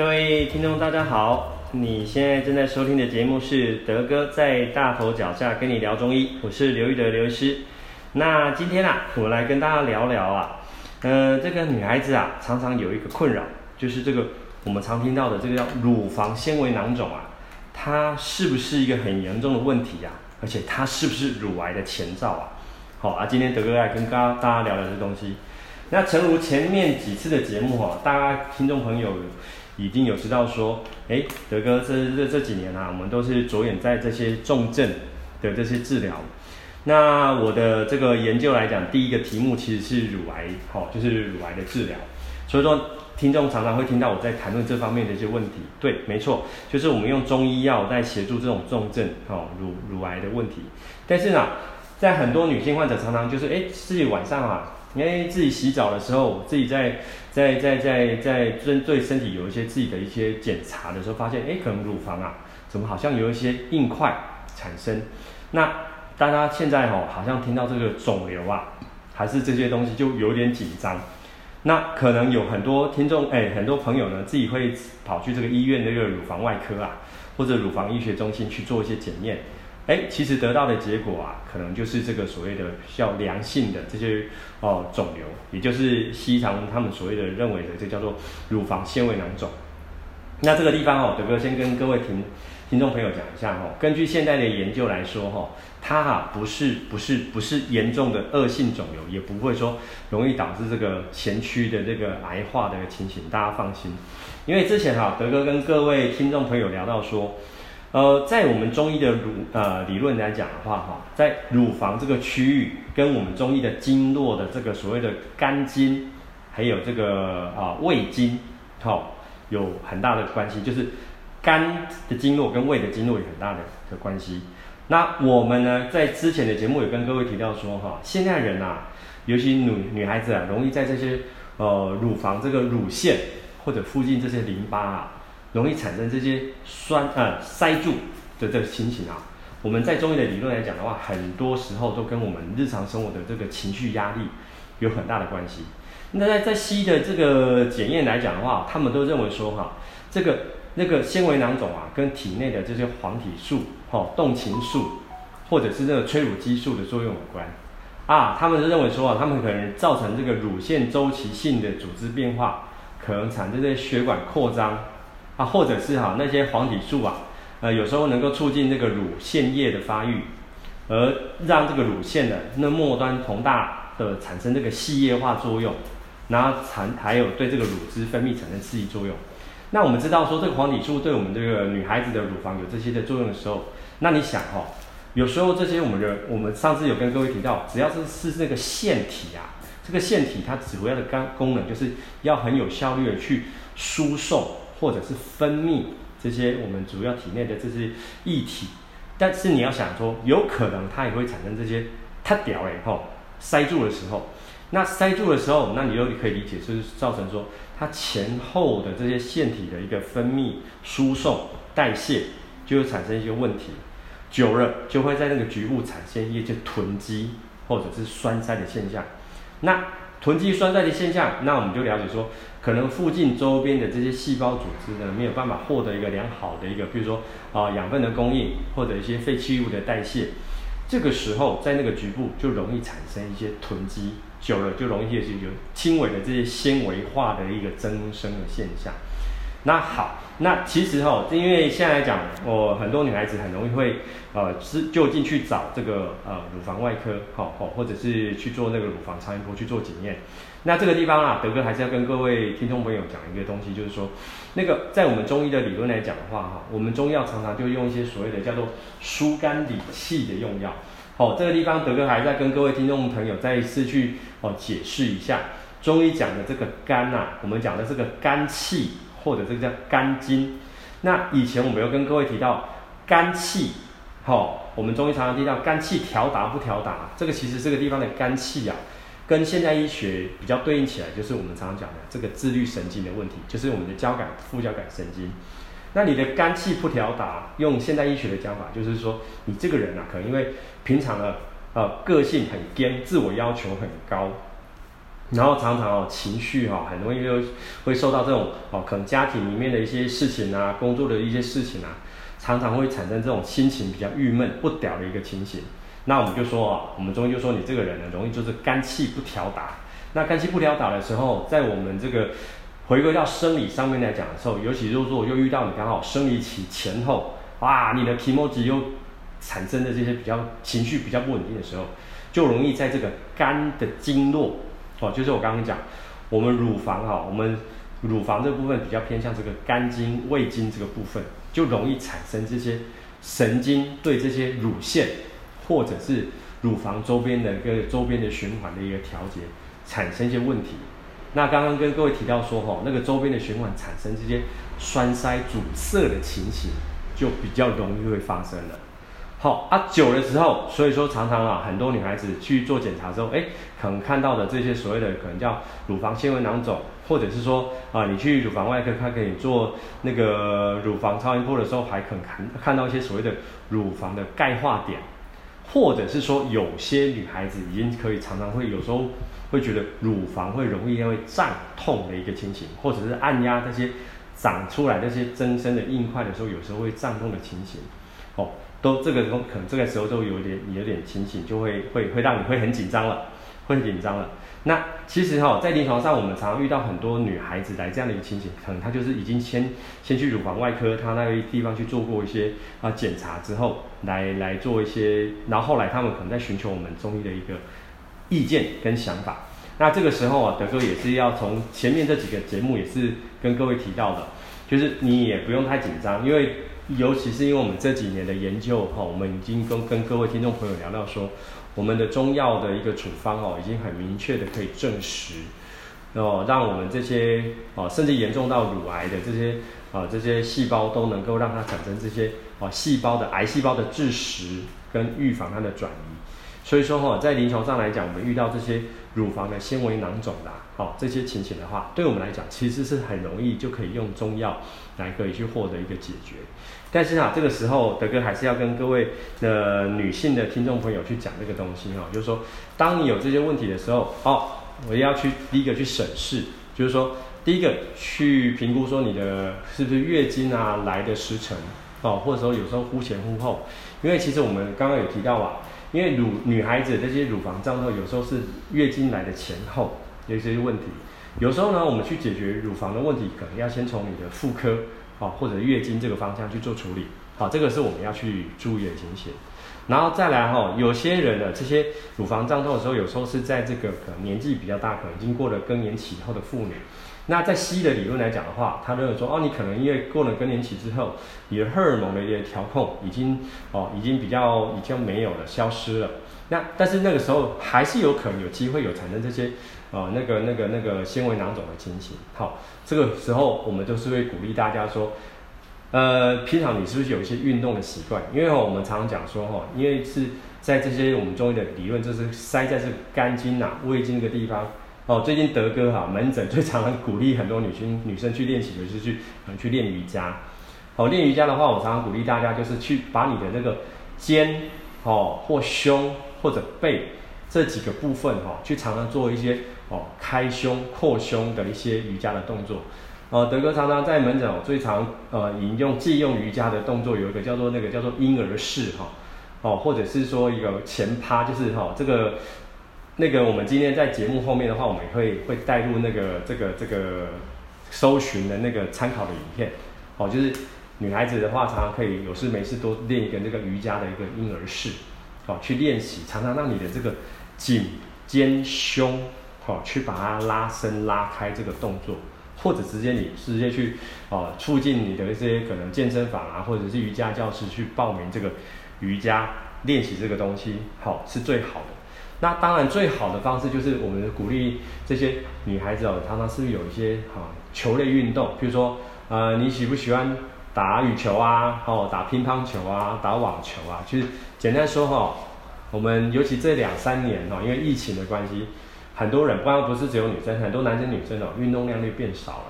各位聽眾，大家好！你現在正在收聽的節目是德哥在大佛腳下跟你聊中醫，我是劉玉德劉醫師。那今天啊，我來跟大家聊聊啊，呃，這個女孩子啊，常常有一個困擾，就是這個我們常聽到的這個叫乳房纖維囊腫啊，它是不是一個很嚴重的問題呀、啊？而且它是不是乳癌的前兆啊？好、哦、啊，今天德哥來跟大家聊聊這個東西。那誠如前面幾次的節目啊，大家聽眾朋友。已經有知道說，哎，德哥，這這這幾年啊，我們都是着眼在這些重症的這些治療。那我的這個研究來講，第一個題目其實是乳癌，哈、哦，就是乳癌的治療。所以說，聽眾常常會聽到我在談論這方面的一些問題。對，沒錯，就是我們用中醫藥在協助這種重症，哈、哦，乳乳癌的問題。但是呢，在很多女性患者常常就是，哎，自己晚上啊。因為、欸，自己洗澡的時候，自己在在在在在針對身體有一些自己的一些檢查的時候，發現哎、欸，可能乳房啊，怎麼好像有一些硬塊產生。那大家現在哦、喔，好像聽到這個腫瘤啊，還是這些東西就有點緊張。那可能有很多聽眾哎、欸，很多朋友呢，自己會跑去這個醫院的這個乳房外科啊，或者乳房醫學中心去做一些檢驗。誒，其實得到的結果啊，可能就是這個所謂的叫良性的這些哦，腫瘤，也就是西醫他們所謂的認為的這叫做乳房纖維囊腫。那這個地方哦，德哥先跟各位聽聽眾朋友講一下哦，根據現在的研究來說哈、哦，它哈、啊、不是不是不是嚴重的惡性腫瘤，也不會說容易導致這個前驅的這個癌化的情形，大家放心。因為之前哈，德哥跟各位聽眾朋友聊到說，呃，在我們中醫的乳呃理論來講的話，哈，在乳房這個區域，跟我們中醫的經絡的這個所謂的肝經，還有這個啊胃經，好，有很大的關係，就是肝的經絡跟胃的經絡有很大的的關係。那我們呢，在之前的節目也跟各位提到說，哈，現在人啊，尤其女女孩子啊，容易在這些呃乳房這個乳腺或者附近這些淋巴啊。容易產生這些酸，呃塞住的這個情形啊。我們在中醫的理論來講的話，很多時候都跟我們日常生活的這個情緒壓力有很大的關係。那在在西醫的這個檢驗來講的話，他們都認為說哈、啊，這個那個纖維囊腫啊，跟體內的這些黃體素、哈、哦、動情素或者是這個催乳激素的作用有關啊。他們就認為說啊，他們可能造成這個乳腺周期性的組織變化，可能產生這些血管擴張。啊、或者是哈、啊、那些黃體素啊，呃，有時候能夠促進這個乳腺液的發育，而讓這個乳腺的那末端膨大的產生這個細液化作用，然後產還有對這個乳汁分泌產生刺激作用。那我們知道說這個黃體素對我們這個女孩子的乳房有這些的作用的時候，那你想哈、哦，有時候這些我們的我們上次有跟各位提到，只要是是這個腺體啊，這個腺體它主要的幹功能就是要很有效率的去輸送。或者是分泌這些我們主要體內的這些液體，但是你要想說，有可能它也會產生這些塌掉了以後，塞住的時候，那塞住的時候，那你又可以理解就是造成說它前後的這些腺體的一個分泌、輸送、代謝就會產生一些問題，久了就會在那個局部產生一些就囤積或者是栓塞的現象，那。囤積酸代的現象，那我們就了解說，可能附近周邊的這些細胞組織呢，沒有辦法獲得一個良好的一個，比如說啊、呃、養分的供應或者一些廢棄物的代謝，這個時候在那個局部就容易產生一些囤積，久了就容易一些有輕微的這些纖維化的一個增生的現象。那好，那其實吼、哦，因為現在來講，我、哦、很多女孩子很容易會，呃，是就近去找這個呃乳房外科，好、哦、好，或者是去做那個乳房超音波去做檢驗。那這個地方啊，德哥還是要跟各位聽眾朋友講一個東西，就是說，那個在我們中醫的理論來講的話，哈、哦，我們中藥常常就用一些所謂的叫做疏肝理氣的用藥。哦，這個地方德哥還在跟各位聽眾朋友再一次去哦解釋一下，中醫講的這個肝吶、啊，我們講的這個肝氣。或者這個叫肝經，那以前我們有跟各位提到肝氣，哈，我們中醫常常提到肝氣調達不調達，這個其實這個地方的肝氣啊，跟現代醫學比較對應起來，就是我們常常講的這個自律神經的問題，就是我們的交感副交感神經。那你的肝氣不調達，用現代醫學的講法，就是說你這個人啊，可能因為平常的呃個性很堅，自我要求很高。然後常常哦，情緒哈很容易就會受到這種哦，可能家庭裡面的一些事情啊，工作的一些事情啊，常常會產生這種心情比較鬱悶、不屌的一個情形。那我們就說啊，我們中醫就說你這個人呢，容易就是肝氣不調達。那肝氣不調達的時候，在我們這個回歸到生理上面來講的時候，尤其如果說又遇到你剛好生理期前後，哇、啊，你的皮膜肌又產生的這些比較情緒比較不穩定的時候，就容易在這個肝的經絡。哦，就是我剛剛講，我們乳房哈、哦，我們乳房這部分比較偏向這個肝經、胃經這個部分，就容易產生這些神經對這些乳腺或者是乳房周邊的跟周邊的循環的一個調節產生一些問題。那剛剛跟各位提到說，哈、哦，那個周邊的循環產生這些栓塞阻塞的情形，就比較容易會發生了。好啊，久了之後，所以說常常啊，很多女孩子去做檢查之後，哎，可能看到的這些所謂的可能叫乳房纖維囊腫，或者是說啊、呃，你去乳房外科，他給你做那個乳房超音波的時候，還可能看看到一些所謂的乳房的鈣化點，或者是說有些女孩子已經可以常常會有時候會覺得乳房會容易會脹痛的一個情形，或者是按壓這些長出來這些增生的硬塊的時候，有時候會脹痛的情形，哦。都這個時候可能這個時候就有點有點情景，就會會會讓你會很緊張了，會很緊張了。那其實哈、哦，在臨床上我們常常遇到很多女孩子來這樣的一個情景，可能她就是已經先先去乳房外科她那個地方去做過一些啊檢查之後，來來做一些，然後後來她們可能在尋求我們中醫的一個意見跟想法。那這個時候啊，德哥也是要從前面這幾個節目也是跟各位提到的，就是你也不用太緊張，因為。尤其是因為我們這幾年的研究哈、哦，我們已經跟跟各位聽眾朋友聊到說，我們的中藥的一個處方哦，已經很明確的可以證實哦，讓我們這些哦，甚至嚴重到乳癌的這些啊、哦、這些細胞都能夠讓它產生這些啊、哦、細胞的癌細胞的致死跟預防它的轉移。所以說哈、哦，在臨床上來講，我們遇到這些乳房的纖維囊腫啦，哦，這些情形的話，對我們來講其實是很容易就可以用中藥來可以去獲得一個解決。但是啊，這個時候德哥還是要跟各位的女性的聽眾朋友去講這個東西哈，就是說，當你有這些問題的時候，哦，我要去第一個去審視，就是說，第一個去評估說你的是不是月經啊來的時程，哦，或者說有時候忽前忽後，因為其實我們剛剛有提到啊，因為乳女孩子這些乳房脹痛有時候是月經來的前後有、就是、些問題，有時候呢，我們去解決乳房的問題，可能要先從你的婦科。哦，或者月經這個方向去做處理，好，這個是我們要去注意的情形。然後再來哈、哦，有些人呢，這些乳房脹痛的時候，有時候是在這個可能年紀比較大、可能已經過了更年期以後的婦女。那在西醫的理論來講的話，他認為說，哦，你可能因為過了更年期之後，你的荷爾蒙的一些調控已經哦，已經比較已經沒有了，消失了。那但是那個時候還是有可能有機會有產生這些。啊、哦，那個、那個、那個纖維囊腫的情形，好，這個時候我們就是會鼓勵大家說，呃，平常你是不是有一些運動的習慣？因為、哦、我們常常講說，哈、哦，因為是在這些我們中醫的理論，就是塞在這肝經吶、胃經的地方。哦，最近德哥哈、啊、門診最常常鼓勵很多女性、女生去練習就是去、呃、去練瑜伽。哦，練瑜伽的話，我常常鼓勵大家就是去把你的那個肩哦，或胸或者背這幾個部分哈、哦，去常常做一些。哦，開胸、擴胸的一些瑜伽的動作，呃、德哥常常在門診我最常呃引用、借用瑜伽的動作，有一個叫做那個叫做嬰兒式哈，哦，或者是說一個前趴，就是哈、哦、這個那個我們今天在節目後面的話，我們也會會帶入那個這個這個搜尋的那個參考的影片，哦，就是女孩子的話，常常可以有事沒事多練一個那個瑜伽的一個嬰兒式，哦，去練習，常常讓你的這個頸、肩、胸。去把它拉伸拉開這個動作，或者直接你直接去哦、啊，促進你的這些可能健身房啊，或者是瑜伽教室去報名這個瑜伽練習這個東西，好、哦、是最好的。那當然最好的方式就是我們鼓勵這些女孩子，哦，常常是有一些哈、啊、球類運動，比如說呃，你喜不喜歡打羽球啊？哦，打乒乓球啊，打網球啊？就是簡單說哈、哦，我們尤其這兩三年哈、哦，因為疫情的關係。很多人不然不是只有女生，很多男生女生哦，運動量就變少了，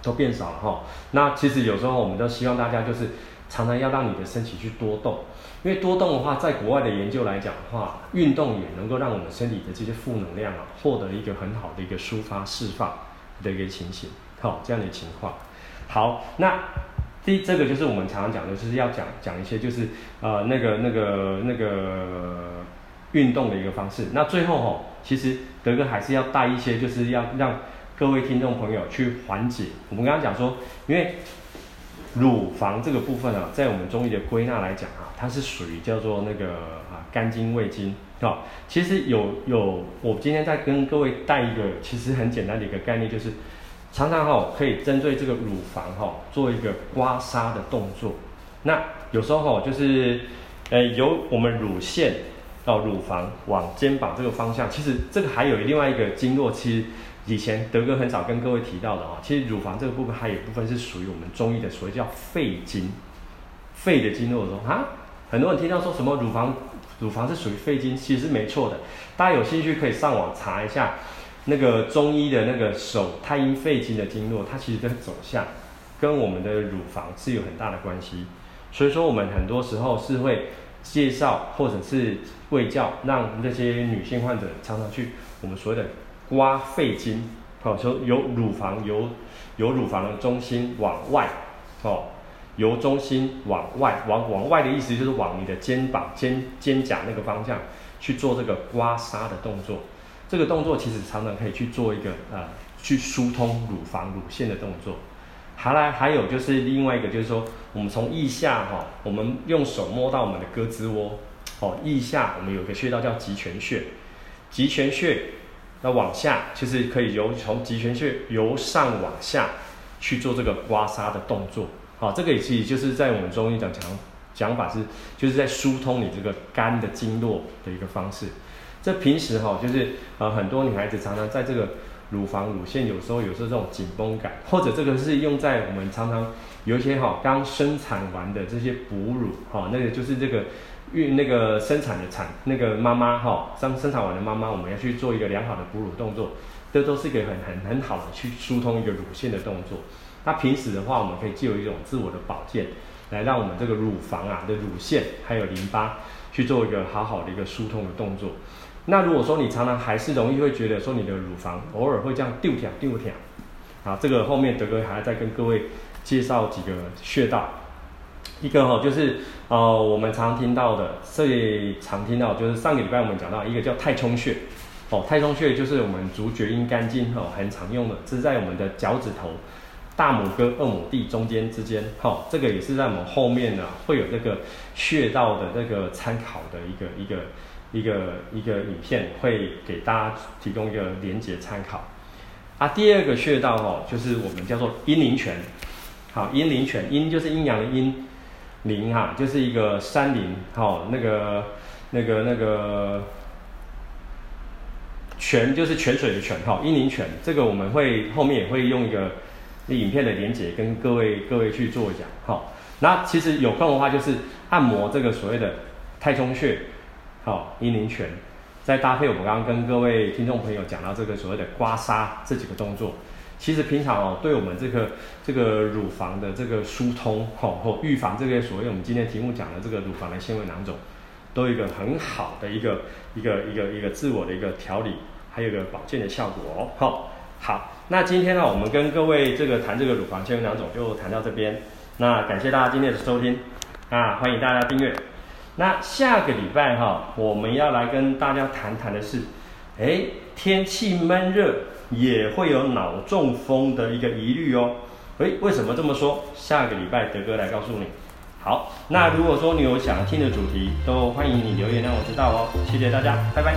都變少了哈、哦。那其實有時候我們都希望大家就是常常要讓你的身體去多動，因為多動的話，在國外的研究來講的話，運動也能夠讓我們身體的這些負能量啊，獲得一個很好的一個抒發釋放的一個情形，好、哦、這樣的情況。好，那第這個就是我們常常講的，就是要講講一些就是呃那個那個那個運動的一個方式。那最後哈、哦。其實德哥還是要帶一些，就是要讓各位聽眾朋友去緩解。我們剛剛講說，因為乳房這個部分啊，在我們中醫的歸納來講啊，它是屬於叫做那個啊肝經、胃經，是吧？其實有有，我今天再跟各位帶一個，其實很簡單的一個概念，就是常常哈可以針對這個乳房哈做一個刮痧的動作。那有時候就是呃由我們乳腺。到乳房往肩膀這個方向，其實這個還有另外一個經絡。其實以前德哥很早跟各位提到的哈，其實乳房這個部分還有一部分是屬於我們中醫的所謂叫肺經，肺的經絡的時候。中說啊，很多人聽到說什麼乳房，乳房是屬於肺經，其實是沒錯的。大家有興趣可以上網查一下那個中醫的那個手太陰肺經的經絡，它其實的走向跟我們的乳房是有很大的關係。所以說我們很多時候是會。介紹或者是衛教，讓這些女性患者，常常去我們所謂的刮肺經，哦，從由乳房由由乳房的中心往外，哦，由中心往外，往往外的意思就是往你的肩膀肩肩胛那個方向去做這個刮痧的動作。這個動作其實常常可以去做一個啊、呃、去疏通乳房乳腺的動作。好啦，還有就是另外一個，就是說，我們從腋下哈，我們用手摸到我們的胳肢窩，哦，腋下我們有個穴道叫極泉穴，極泉穴，那往下就是可以由從極泉穴由上往下去做這個刮痧的動作，好，這個也是，就是在我們中醫講講講法是，就是在疏通你這個肝的經絡的一個方式。這平時哈，就是呃很多女孩子常常在這個。乳房乳腺有時候有時候這種緊繃感，或者這個是用在我們常常有一些哈、哦、剛生產完的這些哺乳哈、哦，那個就是這個孕那個生產的產那個媽媽哈，生、哦、生產完的媽媽，我們要去做一個良好的哺乳動作，這都是一個很很很好的去疏通一個乳腺的動作。那平時的話，我們可以借由一種自我的保健，來讓我們這個乳房啊的乳腺還有淋巴去做一個好好的一個疏通的動作。那如果說你常常還是容易會覺得說你的乳房偶爾會這樣丟掉丟掉啊，這個後面德哥還要再跟各位介紹幾個穴道，一個哈就是、呃、我們常,常聽到的最常聽到就是上個禮拜我們講到一個叫太衝穴，哦太衝穴就是我們足厥陰肝經哈很常用的，這是在我們的腳趾頭大拇哥二拇弟中間之間，好、哦，這個也是在我們後面呢會有那個穴道的那、這個參考的一個一個。一個一個影片會給大家提供一個連結參考啊，第二個穴道哦，就是我們叫做陰陵泉。好，陰陵泉，陰就是陰陽的陰，陵哈，就是一個山陵。好、哦，那個那個那個泉就是泉水的泉。好、哦，陰陵泉，這個我們會後面也會用一個，一個影片的連結跟各位各位去做一下。好、哦，那其實有空的話就是按摩這個所謂的太衝穴。好，陰陵泉，再搭配我們剛剛跟各位聽眾朋友講到這個所謂的刮痧這幾個動作，其實平常哦，對我們這個這個乳房的這個疏通，哈、哦，和預防這些所謂我們今天題目講的這個乳房的纖維囊腫，都有一個很好的一個一個一個一個，一個自我的一個調理，還有一個保健的效果哦，哈。好，那今天呢，我們跟各位這個談這個乳房纖維囊腫就談到這邊，那感謝大家今天的收聽，那歡迎大家訂閱。那下個禮拜哈，我們要來跟大家談談的是，哎，天氣悶熱也會有腦中風的一個疑慮哦。哎，為什麼這麼說？下個禮拜德哥來告訴你。好，那如果說你有想聽的主題，都歡迎你留言讓我知道哦。謝謝大家，拜拜。